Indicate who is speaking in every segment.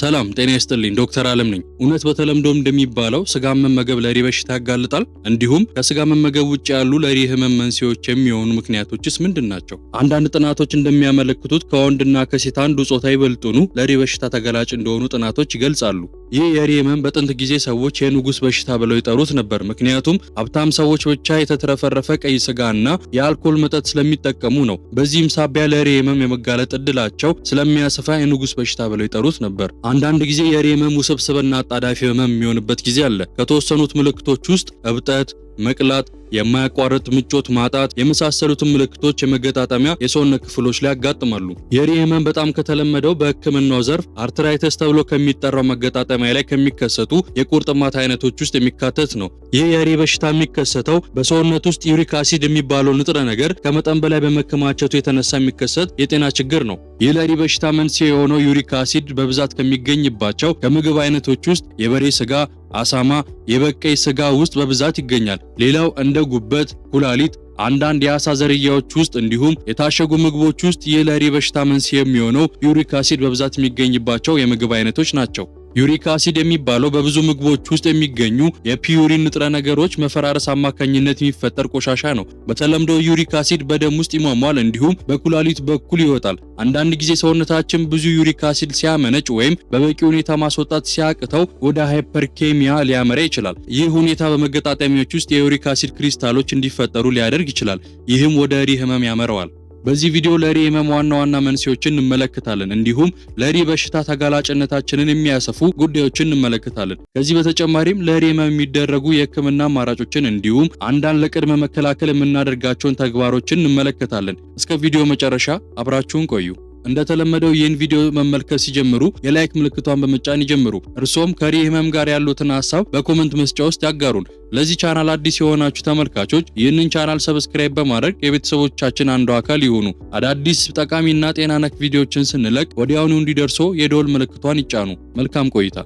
Speaker 1: ሰላም ጤና ይስጥልኝ። ዶክተር አለም ነኝ። እውነት በተለምዶ እንደሚባለው ስጋ መመገብ ለሪ በሽታ ያጋልጣል? እንዲሁም ከስጋ መመገብ ውጭ ያሉ ለሪ ህመም መንስኤዎች የሚሆኑ ምክንያቶችስ ምንድን ናቸው? አንዳንድ ጥናቶች እንደሚያመለክቱት ከወንድና ከሴት አንዱ ጾታ ይበልጡኑ ለሪ በሽታ ተገላጭ እንደሆኑ ጥናቶች ይገልጻሉ። ይህ የሪ ህመም በጥንት ጊዜ ሰዎች የንጉሥ በሽታ ብለው ይጠሩት ነበር። ምክንያቱም ሀብታም ሰዎች ብቻ የተትረፈረፈ ቀይ ስጋና የአልኮል መጠጥ ስለሚጠቀሙ ነው። በዚህም ሳቢያ ለሪ ህመም የመጋለጥ እድላቸው ስለሚያስፋ የንጉሥ በሽታ ብለው ይጠሩት ነበር። አንዳንድ ጊዜ የሬመም ውስብስብና አጣዳፊ ህመም የሚሆንበት ጊዜ አለ። ከተወሰኑት ምልክቶች ውስጥ እብጠት፣ መቅላት፣ የማያቋርጥ ምቾት ማጣት የመሳሰሉትን ምልክቶች የመገጣጠሚያ የሰውነት ክፍሎች ላይ ያጋጥማሉ። የሪህ ህመም በጣም ከተለመደው በህክምናው ዘርፍ አርትራይተስ ተብሎ ከሚጠራው መገጣጠሚያ ላይ ከሚከሰቱ የቁርጥማት አይነቶች ውስጥ የሚካተት ነው። ይህ የሪ በሽታ የሚከሰተው በሰውነት ውስጥ ዩሪክ አሲድ የሚባለው ንጥረ ነገር ከመጠን በላይ በመከማቸቱ የተነሳ የሚከሰት የጤና ችግር ነው። ይህ ለሪ በሽታ መንስኤ የሆነው ዩሪክ አሲድ በብዛት ከሚገኝባቸው ከምግብ አይነቶች ውስጥ የበሬ ስጋ አሳማ የበቀይ ስጋ ውስጥ በብዛት ይገኛል። ሌላው እንደ ጉበት፣ ኩላሊት አንዳንድ የአሳ ዝርያዎች ውስጥ እንዲሁም የታሸጉ ምግቦች ውስጥ የለሪ በሽታ መንስኤ የሚሆነው ዩሪክ አሲድ በብዛት የሚገኝባቸው የምግብ አይነቶች ናቸው። ዩሪክ አሲድ የሚባለው በብዙ ምግቦች ውስጥ የሚገኙ የፒዩሪን ንጥረ ነገሮች መፈራረስ አማካኝነት የሚፈጠር ቆሻሻ ነው። በተለምዶ ዩሪክ አሲድ በደም ውስጥ ይሟሟል፣ እንዲሁም በኩላሊት በኩል ይወጣል። አንዳንድ ጊዜ ሰውነታችን ብዙ ዩሪክ አሲድ ሲያመነጭ ወይም በበቂ ሁኔታ ማስወጣት ሲያቅተው ወደ ሃይፐርኬሚያ ሊያመራ ይችላል። ይህ ሁኔታ በመገጣጠሚያዎች ውስጥ የዩሪክ አሲድ ክሪስታሎች እንዲፈጠሩ ሊያደርግ ይችላል። ይህም ወደ ሪህ ህመም ያመራዋል። በዚህ ቪዲዮ ለሪ ህመም ዋና ዋና መንስኤዎችን እንመለከታለን። እንዲሁም ለሪ በሽታ ተጋላጭነታችንን የሚያሰፉ ጉዳዮችን እንመለከታለን። ከዚህ በተጨማሪም ለሪ ህመም የሚደረጉ የህክምና አማራጮችን እንዲሁም አንዳንድ ለቅድመ መከላከል የምናደርጋቸውን ተግባሮችን እንመለከታለን። እስከ ቪዲዮ መጨረሻ አብራችሁን ቆዩ። እንደተለመደው ይህን ቪዲዮ መመልከት ሲጀምሩ የላይክ ምልክቷን በመጫን ይጀምሩ። እርሶም ከሪ ህመም ጋር ያሉትን ሀሳብ በኮመንት መስጫ ውስጥ ያጋሩን። ለዚህ ቻናል አዲስ የሆናችሁ ተመልካቾች ይህንን ቻናል ሰብስክራይብ በማድረግ የቤተሰቦቻችን አንዱ አካል ይሁኑ። አዳዲስ ጠቃሚና ጤና ነክ ቪዲዮዎችን ስንለቅ ወዲያውኑ እንዲደርሶ የደወል ምልክቷን ይጫኑ። መልካም ቆይታ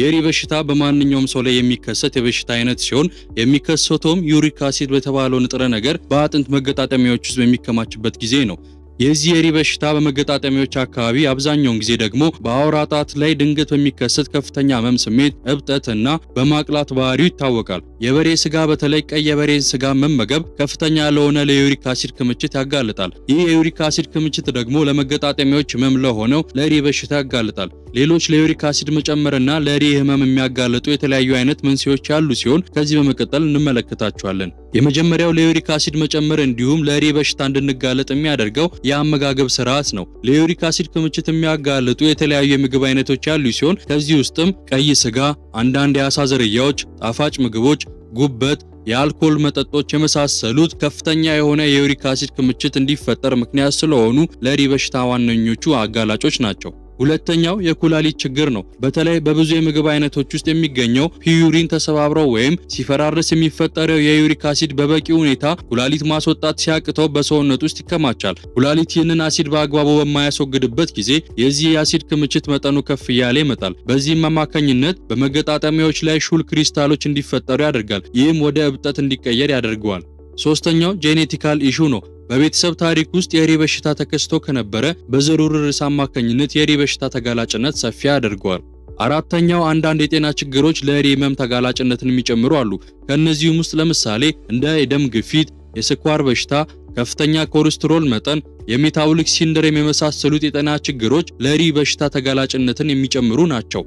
Speaker 1: የሪ በሽታ በማንኛውም ሰው ላይ የሚከሰት የበሽታ አይነት ሲሆን የሚከሰተውም ዩሪክ አሲድ በተባለው ንጥረ ነገር በአጥንት መገጣጠሚያዎች ውስጥ በሚከማችበት ጊዜ ነው። የዚህ የሪ በሽታ በመገጣጠሚያዎች አካባቢ አብዛኛውን ጊዜ ደግሞ በአውራ ጣት ላይ ድንገት በሚከሰት ከፍተኛ ህመም ስሜት፣ እብጠት እና በማቅላት ባህሪው ይታወቃል። የበሬ ስጋ በተለይ ቀይ የበሬ ስጋ መመገብ ከፍተኛ ለሆነ ለዩሪክ አሲድ ክምችት ያጋልጣል። ይህ የዩሪክ አሲድ ክምችት ደግሞ ለመገጣጠሚያዎች ህመም ለሆነው ለሪ በሽታ ያጋልጣል። ሌሎች ለዩሪክ አሲድ መጨመርና ለሪ ህመም የሚያጋልጡ የተለያዩ አይነት መንስኤዎች ያሉ ሲሆን ከዚህ በመቀጠል እንመለከታቸዋለን። የመጀመሪያው ለዩሪክ አሲድ መጨመር እንዲሁም ለሪ በሽታ እንድንጋለጥ የሚያደርገው የአመጋገብ ስርዓት ነው። ለዩሪክ አሲድ ክምችት የሚያጋልጡ የተለያዩ የምግብ አይነቶች ያሉ ሲሆን ከዚህ ውስጥም ቀይ ስጋ፣ አንዳንድ የአሳ ዝርያዎች፣ ጣፋጭ ምግቦች፣ ጉበት የአልኮል መጠጦች የመሳሰሉት ከፍተኛ የሆነ የዩሪክ አሲድ ክምችት እንዲፈጠር ምክንያት ስለሆኑ ለሪ በሽታ ዋነኞቹ አጋላጮች ናቸው። ሁለተኛው የኩላሊት ችግር ነው። በተለይ በብዙ የምግብ አይነቶች ውስጥ የሚገኘው ፒዩሪን ተሰባብረው ወይም ሲፈራርስ የሚፈጠረው የዩሪክ አሲድ በበቂ ሁኔታ ኩላሊት ማስወጣት ሲያቅተው በሰውነት ውስጥ ይከማቻል። ኩላሊት ይህንን አሲድ በአግባቡ በማያስወግድበት ጊዜ የዚህ የአሲድ ክምችት መጠኑ ከፍ እያለ ይመጣል። በዚህም አማካኝነት በመገጣጠሚያዎች ላይ ሹል ክሪስታሎች እንዲፈጠሩ ያደርጋል። ይህም ወደ እብጠት እንዲቀየር ያደርገዋል። ሶስተኛው ጄኔቲካል ኢሹ ነው። በቤተሰብ ታሪክ ውስጥ የሪ በሽታ ተከስቶ ከነበረ በዘሩር ርዕስ አማካኝነት የሪ በሽታ ተጋላጭነት ሰፊ አድርጓል። አራተኛው አንዳንድ የጤና ችግሮች ለሪ ህመም ተጋላጭነትን የሚጨምሩ አሉ። ከእነዚህም ውስጥ ለምሳሌ እንደ የደም ግፊት፣ የስኳር በሽታ፣ ከፍተኛ ኮሌስትሮል መጠን፣ የሜታቦሊክ ሲንድሮም የመሳሰሉት የጤና ችግሮች ለሪ በሽታ ተጋላጭነትን የሚጨምሩ ናቸው።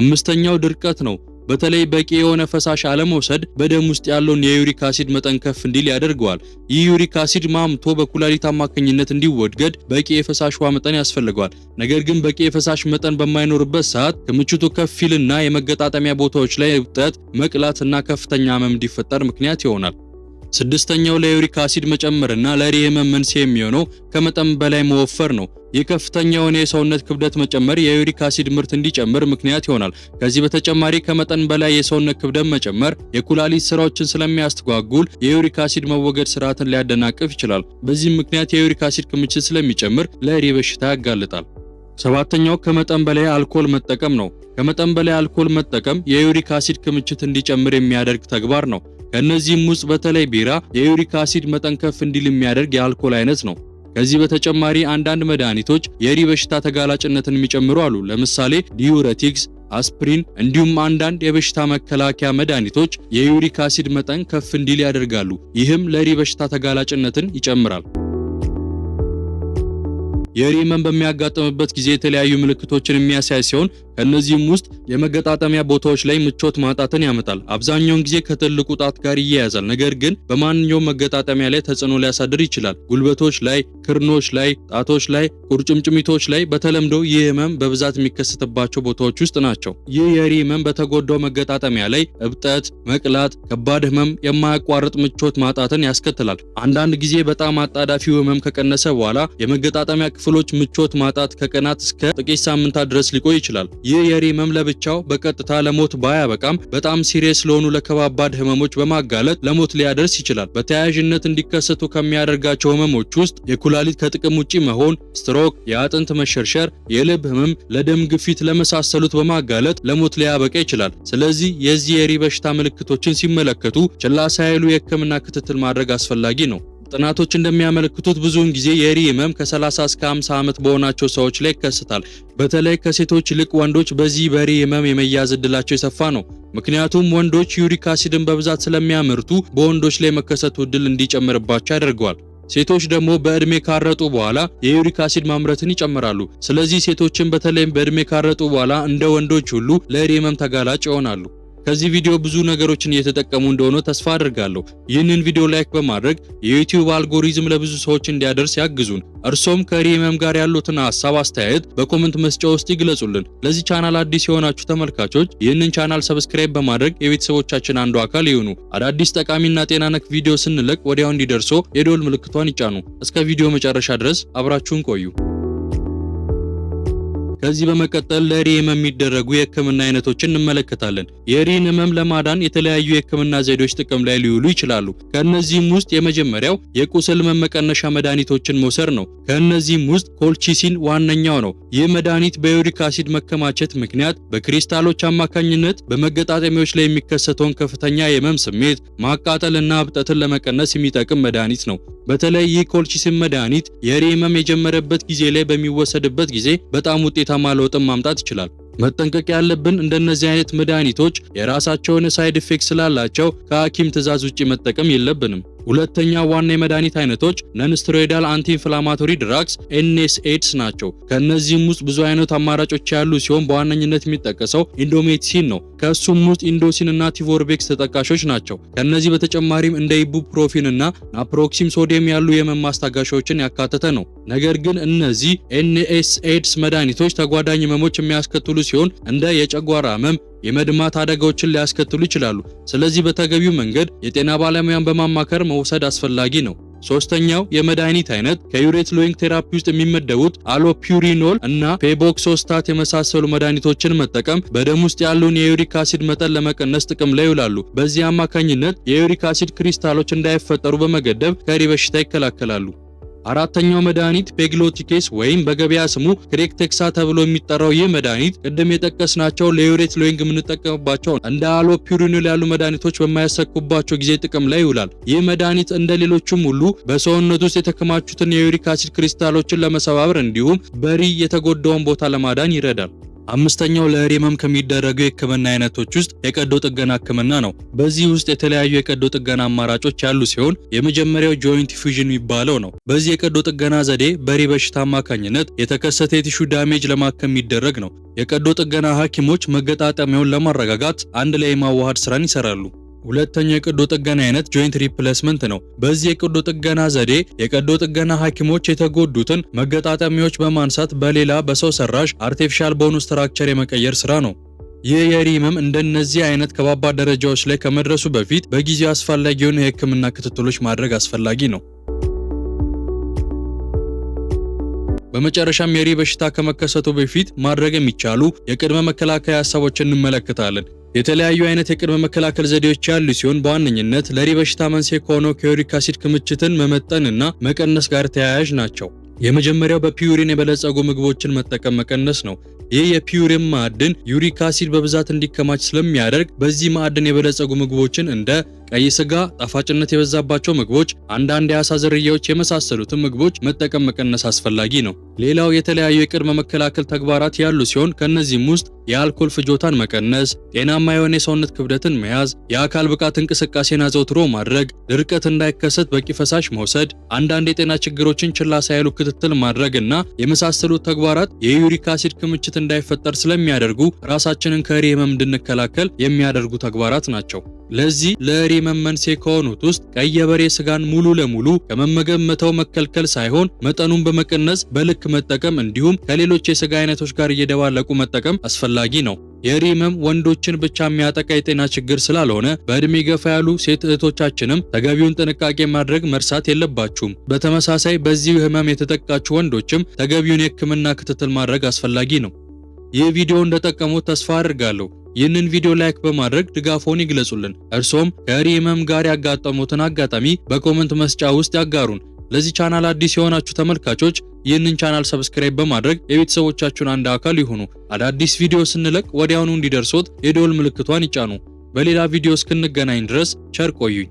Speaker 1: አምስተኛው ድርቀት ነው። በተለይ በቂ የሆነ ፈሳሽ አለመውሰድ በደም ውስጥ ያለውን የዩሪክ አሲድ መጠን ከፍ እንዲል ያደርገዋል። ይህ ዩሪክ አሲድ ማምቶ በኩላሊት አማካኝነት እንዲወገድ በቂ የፈሳሽ ውሃ መጠን ያስፈልገዋል። ነገር ግን በቂ የፈሳሽ መጠን በማይኖርበት ሰዓት ክምችቱ ከፍ ይልና የመገጣጠሚያ ቦታዎች ላይ እብጠት፣ መቅላትና ከፍተኛ ህመም እንዲፈጠር ምክንያት ይሆናል። ስድስተኛው ለዩሪክ አሲድ መጨመርና ለሪህ ህመም መንስኤ የሚሆነው ከመጠን በላይ መወፈር ነው። ይህ የሆነ የሰውነት ክብደት መጨመር የዩሪክ አሲድ ምርት እንዲጨምር ምክንያት ይሆናል። ከዚህ በተጨማሪ ከመጠን በላይ የሰውነት ክብደት መጨመር የኩላሊት ስራዎችን ስለሚያስተጓጉል የዩሪክ አሲድ መወገድ ስርዓትን ሊያደናቅፍ ይችላል። በዚህም ምክንያት የዩሪክ አሲድ ክምችት ስለሚጨምር ለሪህ በሽታ ያጋልጣል። ሰባተኛው ከመጠን በላይ አልኮል መጠቀም ነው። ከመጠን በላይ አልኮል መጠቀም የዩሪክ አሲድ ክምችት እንዲጨምር የሚያደርግ ተግባር ነው። ከእነዚህም ውስጥ በተለይ ቢራ የዩሪክ አሲድ መጠን ከፍ እንዲል የሚያደርግ የአልኮል አይነት ነው። ከዚህ በተጨማሪ አንዳንድ መድኃኒቶች የሪ በሽታ ተጋላጭነትን የሚጨምሩ አሉ። ለምሳሌ ዲዩረቲክስ፣ አስፕሪን እንዲሁም አንዳንድ የበሽታ መከላከያ መድኃኒቶች የዩሪክ አሲድ መጠን ከፍ እንዲል ያደርጋሉ። ይህም ለሪ በሽታ ተጋላጭነትን ይጨምራል። የሪመን በሚያጋጥምበት ጊዜ የተለያዩ ምልክቶችን የሚያሳይ ሲሆን ከእነዚህም ውስጥ የመገጣጠሚያ ቦታዎች ላይ ምቾት ማጣትን ያመጣል። አብዛኛውን ጊዜ ከትልቁ ጣት ጋር ይያያዛል፣ ነገር ግን በማንኛውም መገጣጠሚያ ላይ ተጽዕኖ ሊያሳድር ይችላል። ጉልበቶች ላይ፣ ክርኖች ላይ፣ ጣቶች ላይ፣ ቁርጭምጭሚቶች ላይ። በተለምዶ ይህ ህመም በብዛት የሚከሰትባቸው ቦታዎች ውስጥ ናቸው። ይህ የሪ ህመም በተጎዳው መገጣጠሚያ ላይ እብጠት፣ መቅላት፣ ከባድ ህመም፣ የማያቋርጥ ምቾት ማጣትን ያስከትላል። አንዳንድ ጊዜ በጣም አጣዳፊው ህመም ከቀነሰ በኋላ የመገጣጠሚያ ክፍሎች ምቾት ማጣት ከቀናት እስከ ጥቂት ሳምንታት ድረስ ሊቆይ ይችላል። ይህ የሪመም ለብቻው በቀጥታ ለሞት ባያበቃም በጣም ሲሪየስ ለሆኑ ለከባባድ ህመሞች በማጋለጥ ለሞት ሊያደርስ ይችላል። በተያያዥነት እንዲከሰቱ ከሚያደርጋቸው ህመሞች ውስጥ የኩላሊት ከጥቅም ውጪ መሆን፣ ስትሮክ፣ የአጥንት መሸርሸር፣ የልብ ህመም፣ ለደም ግፊት ለመሳሰሉት በማጋለጥ ለሞት ሊያበቃ ይችላል። ስለዚህ የዚህ የሪ በሽታ ምልክቶችን ሲመለከቱ ችላ ሳይሉ የህክምና ክትትል ማድረግ አስፈላጊ ነው። ጥናቶች እንደሚያመለክቱት ብዙውን ጊዜ የሪ ህመም ከ30 እስከ 50 ዓመት በሆናቸው ሰዎች ላይ ይከሰታል። በተለይ ከሴቶች ይልቅ ወንዶች በዚህ በሪ ህመም የመያዝ እድላቸው የሰፋ ነው። ምክንያቱም ወንዶች ዩሪክ አሲድን በብዛት ስለሚያመርቱ በወንዶች ላይ መከሰቱ እድል እንዲጨምርባቸው ያደርገዋል። ሴቶች ደግሞ በእድሜ ካረጡ በኋላ የዩሪክ አሲድ ማምረትን ይጨምራሉ። ስለዚህ ሴቶችን በተለይም በእድሜ ካረጡ በኋላ እንደ ወንዶች ሁሉ ለሪ ህመም ተጋላጭ ይሆናሉ። ከዚህ ቪዲዮ ብዙ ነገሮችን እየተጠቀሙ እንደሆነ ተስፋ አድርጋለሁ። ይህንን ቪዲዮ ላይክ በማድረግ የዩቲዩብ አልጎሪዝም ለብዙ ሰዎች እንዲያደርስ ያግዙን። እርሶም ከሪህመም ጋር ያሉትን ሀሳብ አስተያየት በኮመንት መስጫ ውስጥ ይግለጹልን። ለዚህ ቻናል አዲስ የሆናችሁ ተመልካቾች ይህንን ቻናል ሰብስክራይብ በማድረግ የቤተሰቦቻችን አንዱ አካል ይሁኑ። አዳዲስ ጠቃሚና ጤና ነክ ቪዲዮ ስንለቅ ወዲያው እንዲደርሶ የዶል ምልክቷን ይጫኑ። እስከ ቪዲዮ መጨረሻ ድረስ አብራችሁን ቆዩ። ከዚህ በመቀጠል ለሪ ህመም የሚደረጉ የህክምና አይነቶችን እንመለከታለን። የሪን ህመም ለማዳን የተለያዩ የህክምና ዘዴዎች ጥቅም ላይ ሊውሉ ይችላሉ። ከእነዚህም ውስጥ የመጀመሪያው የቁስል ህመም መቀነሻ መድኃኒቶችን መውሰድ ነው። ከእነዚህም ውስጥ ኮልቺሲን ዋነኛው ነው። ይህ መድኃኒት በዩሪክ አሲድ መከማቸት ምክንያት በክሪስታሎች አማካኝነት በመገጣጠሚያዎች ላይ የሚከሰተውን ከፍተኛ የህመም ስሜት ማቃጠልና እብጠትን ለመቀነስ የሚጠቅም መድኃኒት ነው። በተለይ ይህ ኮልቺሲን መድኃኒት የሪህመም የጀመረበት ጊዜ ላይ በሚወሰድበት ጊዜ በጣም ውጤታማ ለውጥን ማምጣት ይችላል። መጠንቀቅ ያለብን እንደነዚህ አይነት መድኃኒቶች የራሳቸውን ሳይድ ኢፌክት ስላላቸው ከሐኪም ትዕዛዝ ውጪ መጠቀም የለብንም። ሁለተኛ ዋና የመድኃኒት አይነቶች ነንስትሮይዳል አንቲ ኢንፍላማቶሪ ድራግስ ኤንኤስኤድስ ናቸው። ከእነዚህም ውስጥ ብዙ አይነት አማራጮች ያሉ ሲሆን በዋነኝነት የሚጠቀሰው ኢንዶሜትሲን ነው። ከእሱም ውስጥ ኢንዶሲን እና ቲቮርቤክስ ተጠቃሾች ናቸው። ከእነዚህ በተጨማሪም እንደ ኢቡፕሮፊን እና ናፕሮክሲም ሶዲየም ያሉ የህመም ማስታገሻዎችን ያካተተ ነው። ነገር ግን እነዚህ ኤንኤስኤድስ መድኃኒቶች ተጓዳኝ ህመሞች የሚያስከትሉ ሲሆን እንደ የጨጓራ ህመም የመድማት አደጋዎችን ሊያስከትሉ ይችላሉ። ስለዚህ በተገቢው መንገድ የጤና ባለሙያን በማማከር መውሰድ አስፈላጊ ነው። ሶስተኛው የመድኃኒት አይነት ከዩሬት ሎይንግ ቴራፒ ውስጥ የሚመደቡት አሎፒሪኖል እና ፔቦክሶስታት የመሳሰሉ መድኃኒቶችን መጠቀም በደም ውስጥ ያለውን የዩሪክ አሲድ መጠን ለመቀነስ ጥቅም ላይ ይውላሉ። በዚህ አማካኝነት የዩሪክ አሲድ ክሪስታሎች እንዳይፈጠሩ በመገደብ ከሪ በሽታ ይከላከላሉ። አራተኛው መድኃኒት ፔግሎቲኬስ ወይም በገበያ ስሙ ክሬክቴክሳ ተብሎ የሚጠራው ይህ መድኃኒት ቅድም የጠቀስናቸው ለዩሬት ሎይንግ የምንጠቀምባቸው እንደ አሎፒሪኖል ያሉ መድኃኒቶች በማያሰኩባቸው ጊዜ ጥቅም ላይ ይውላል። ይህ መድኃኒት እንደ ሌሎችም ሁሉ በሰውነት ውስጥ የተከማቹትን የዩሪክ አሲድ ክሪስታሎችን ለመሰባበር እንዲሁም በሪ የተጎዳውን ቦታ ለማዳን ይረዳል። አምስተኛው ለሪመም ከሚደረጉ የህክምና አይነቶች ውስጥ የቀዶ ጥገና ህክምና ነው። በዚህ ውስጥ የተለያዩ የቀዶ ጥገና አማራጮች ያሉ ሲሆን የመጀመሪያው ጆይንት ፊውዥን የሚባለው ነው። በዚህ የቀዶ ጥገና ዘዴ በሪ በሽታ አማካኝነት የተከሰተ የቲሹ ዳሜጅ ለማከም የሚደረግ ነው። የቀዶ ጥገና ሐኪሞች መገጣጠሚያውን ለማረጋጋት አንድ ላይ የማዋሃድ ስራን ይሰራሉ። ሁለተኛው የቀዶ ጥገና አይነት ጆይንት ሪፕሌስመንት ነው። በዚህ የቀዶ ጥገና ዘዴ የቀዶ ጥገና ሐኪሞች የተጎዱትን መገጣጠሚያዎች በማንሳት በሌላ በሰው ሰራሽ አርቲፊሻል በሆኑ ስትራክቸር የመቀየር ስራ ነው። ይህ እንደነዚህ አይነት ከባባድ ደረጃዎች ላይ ከመድረሱ በፊት በጊዜው አስፈላጊውን የህክምና ክትትሎች ማድረግ አስፈላጊ ነው። በመጨረሻም የሪ በሽታ ከመከሰቱ በፊት ማድረግ የሚቻሉ የቅድመ መከላከያ ሀሳቦችን እንመለከታለን። የተለያዩ አይነት የቅድመ መከላከል ዘዴዎች ያሉ ሲሆን በዋነኝነት ለሪ በሽታ መንስኤ ከሆነው ከዩሪክ አሲድ ክምችትን መመጠንና መቀነስ ጋር ተያያዥ ናቸው። የመጀመሪያው በፒዩሪን የበለጸጉ ምግቦችን መጠቀም መቀነስ ነው። ይህ የፒውሪን ማዕድን ዩሪክ አሲድ በብዛት እንዲከማች ስለሚያደርግ በዚህ ማዕድን የበለጸጉ ምግቦችን እንደ ቀይ ስጋ፣ ጣፋጭነት የበዛባቸው ምግቦች፣ አንዳንድ የአሳ ዝርያዎች የመሳሰሉትን ምግቦች መጠቀም መቀነስ አስፈላጊ ነው። ሌላው የተለያዩ የቅድመ መከላከል ተግባራት ያሉ ሲሆን ከእነዚህም ውስጥ የአልኮል ፍጆታን መቀነስ፣ ጤናማ የሆነ የሰውነት ክብደትን መያዝ፣ የአካል ብቃት እንቅስቃሴን አዘውትሮ ማድረግ፣ ድርቀት እንዳይከሰት በቂ ፈሳሽ መውሰድ፣ አንዳንድ የጤና ችግሮችን ችላ ሳይሉ ክትትል ማድረግ እና የመሳሰሉት ተግባራት የዩሪክ አሲድ ክምችት ግጭት እንዳይፈጠር ስለሚያደርጉ ራሳችንን ከሬ ህመም እንድንከላከል የሚያደርጉ ተግባራት ናቸው። ለዚህ ለሬ ህመም መንስኤ ከሆኑት ውስጥ ቀይ የበሬ ስጋን ሙሉ ለሙሉ ከመመገብ መተው መከልከል ሳይሆን መጠኑን በመቀነስ በልክ መጠቀም እንዲሁም ከሌሎች የስጋ አይነቶች ጋር እየደባለቁ መጠቀም አስፈላጊ ነው። የሬ ህመም ወንዶችን ብቻ የሚያጠቃ የጤና ችግር ስላልሆነ በእድሜ ገፋ ያሉ ሴት እህቶቻችንም ተገቢውን ጥንቃቄ ማድረግ መርሳት የለባችሁም። በተመሳሳይ በዚህ ህመም የተጠቃችሁ ወንዶችም ተገቢውን የህክምና ክትትል ማድረግ አስፈላጊ ነው። ይህ ቪዲዮ እንደጠቀሙት ተስፋ አድርጋለሁ። ይህንን ቪዲዮ ላይክ በማድረግ ድጋፎን ይግለጹልን። እርሶም ከሪ ህመም ጋር ያጋጠሙትን አጋጣሚ በኮመንት መስጫ ውስጥ ያጋሩን። ለዚህ ቻናል አዲስ የሆናችሁ ተመልካቾች ይህንን ቻናል ሰብስክራይብ በማድረግ የቤተሰቦቻችሁን አንድ አካል ይሁኑ። አዳዲስ ቪዲዮ ስንለቅ ወዲያውኑ እንዲደርሶት የደወል ምልክቷን ይጫኑ። በሌላ ቪዲዮ እስክንገናኝ ድረስ ቸር ቆዩኝ።